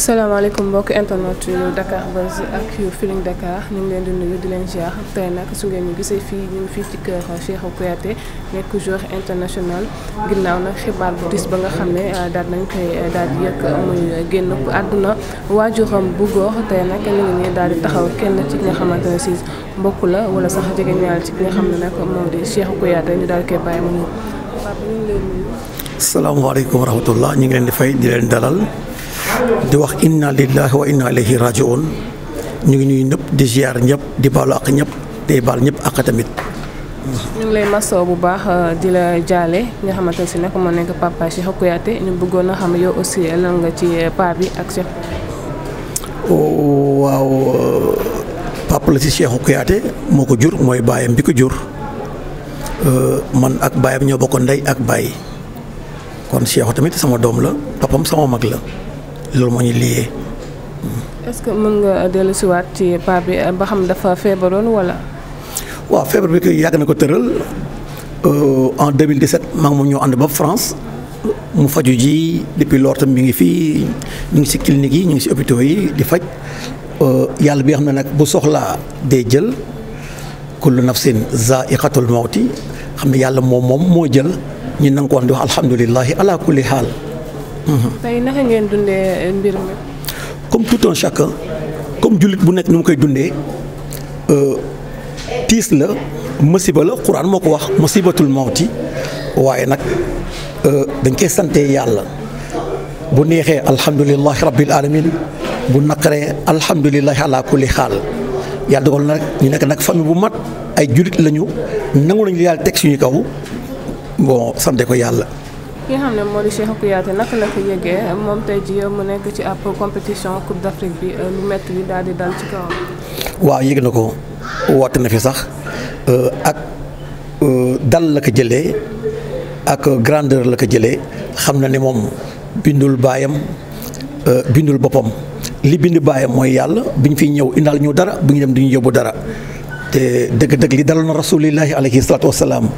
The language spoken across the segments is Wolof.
salaamaaleykum mbokk internet yu Dakar Buzz ak yu Feeling Dakar ñu ngi leen di nuyu di leen ziar tey nag su ngeen ñu gisee fii ñu ngi fii ci kër Cheikhou Kouyaté nekk joueur international ginnaaw nag xibaar bu ba nga xam ne ah, daal nañ koy eh, daal di yëkk muy génn àdduna waajuram bu góor tey nag ñu ngi daal di taxaw kenn ci ki nga xamante ne si mbokk la wala sax jege ñaar ci ki nga xam ne nag moom di Cheikhou Kouyaté ñu dal koy bàyyi mu nuyu. salaamaaleykum wa rahmatullah ñu ngi leen di fay di leen di wax inna lillahi wa inna ilayhi rajiun ñu ngi ñuy ñëpp di ziar ñëpp di baalu ak ñëpp tey baal ñëpp ak tamit. ñu ngi lay masoo bu baax euh, di la jaale nga xamante si nag moo nekk papa Cheikh bëggoon a xam yow aussi lan ci euh, paa bi ak Cheikh. Oh, waaw euh, si Cheikh Kouyaté moo ko jur mooy baayam bi ko jur man ak baayam ñoo bokk ndey ak baay kon Cheikh tamit sama doom la papam sama mag la. loolu moo ñu liyee. est-ce que mën nga dellusiwaat ci paa bi eh, ba xam dafa feebaroon wala. waaw feebar bi yàgg na ko tëral euh, en 2017 maa ngi moom ñoo ànd ba France mu faju ji depuis lors mi ngi fii ñu ngi si clinique yi ñu ngi si hôpitaux yi di faj euh, yàlla bi nga xam ne nag bu soxlaa day jël kullu nafsin zaiqatul mawti xam ne yàlla moom moom moo jël ñu nangu di wax alhamdulilahi ala kulli haal. tey naka ngeen dundee eh, mbir mi. comme tout un chacun comme jullit bu nekk nu mu koy dundee euh, tiis la masiba la xuraan moo ko wax masibatul mawti waaye nag euh, dañ koy sante yàlla bu neexee alhamdulilahi rabbil alamin bu naqaree alhamdulilahi ala kulli xaal yàlla dogal na nag ñu nekk nag famille bu mat ay jullit lañu nangu nañu yàlla teg suñu kaw bon sante ko yàlla. ki nga xam ne moo di Cheikhou Kouyaté naka la ko yëgee moom tey jii mu nekk ci ab compétition coupe d'Afrique bi euh, lu métti bi daal di dal ci kawam. waaw yëg na ko woote na fi sax euh, ak euh, dal la ko jëlee ak grandeur la ko jëlee xam na ne moom bindul baayam bindul boppam li bind baayam mooy yàlla bi ñu fiy ñëw indaal ñu dara bu ñu dem du ñu yóbbu dara te dëgg-dëgg li daloon na rasulillahi alayhi salaatu wasalaam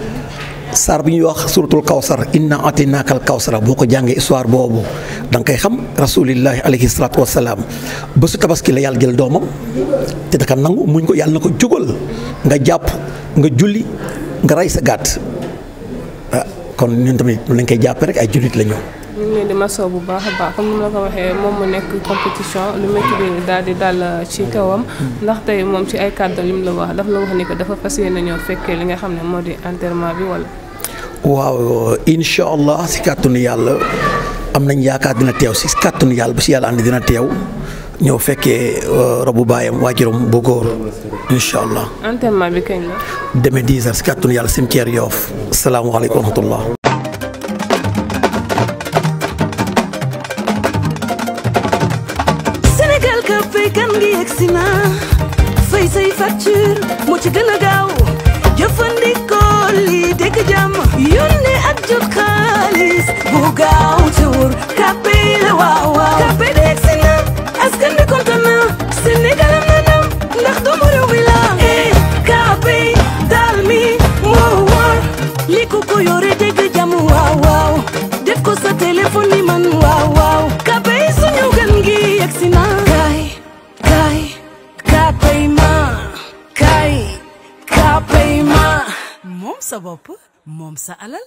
saar bi ñuy wax suratul kawsar inna atinaakal kawsara boo ko jàngee histoire boobu da nga koy xam rasulillahi alayhi salaatu wasalaam bésu tabaski la yàlla jël doomam te daka nangu muñ ko yàlla na ko jógal nga jàpp nga julli nga rey sa gàtt ah kon ñun tamit lu lañ koy jàppee rek ay jullit la ñëw ñu ngi leen di masoo bu baax a baax comme ni ma ko waxee moom mu nekk compétition lu métti bi daal di dal ci kawam ndax tey moom ci ay kàddu lim la wax daf la wax ni ko dafa fas yéene ñëw fekkee li nga xam ne moo di enterrement bi wala. waaw incha allah si kàttanu yàlla am nañ yaakaar dina teew si kàttanu yàlla bu si yàlla ànd dina teew ñëw fekkee uh, robu baayam waajuram bu góor incha allah. enterrement bi kañ la. demee 10 heures si yàlla cimetière Yoff. salaamualeykum wa rahmatullah. Sénégal ka fay kan bu gaaw te wóor la waaw waaw kàppe de egg si na askan bi kontaan na Sénégal am na ndam ndax doomu réew la eh kàppe daal mi moo wóor li ko ko yore dégg jàmm waaw waaw def ko sa téléphone man waaw waaw kàppe yi suñu gan gi si na kay kay kàppe ma kay kàppe ma moom sa bopp moom sa alal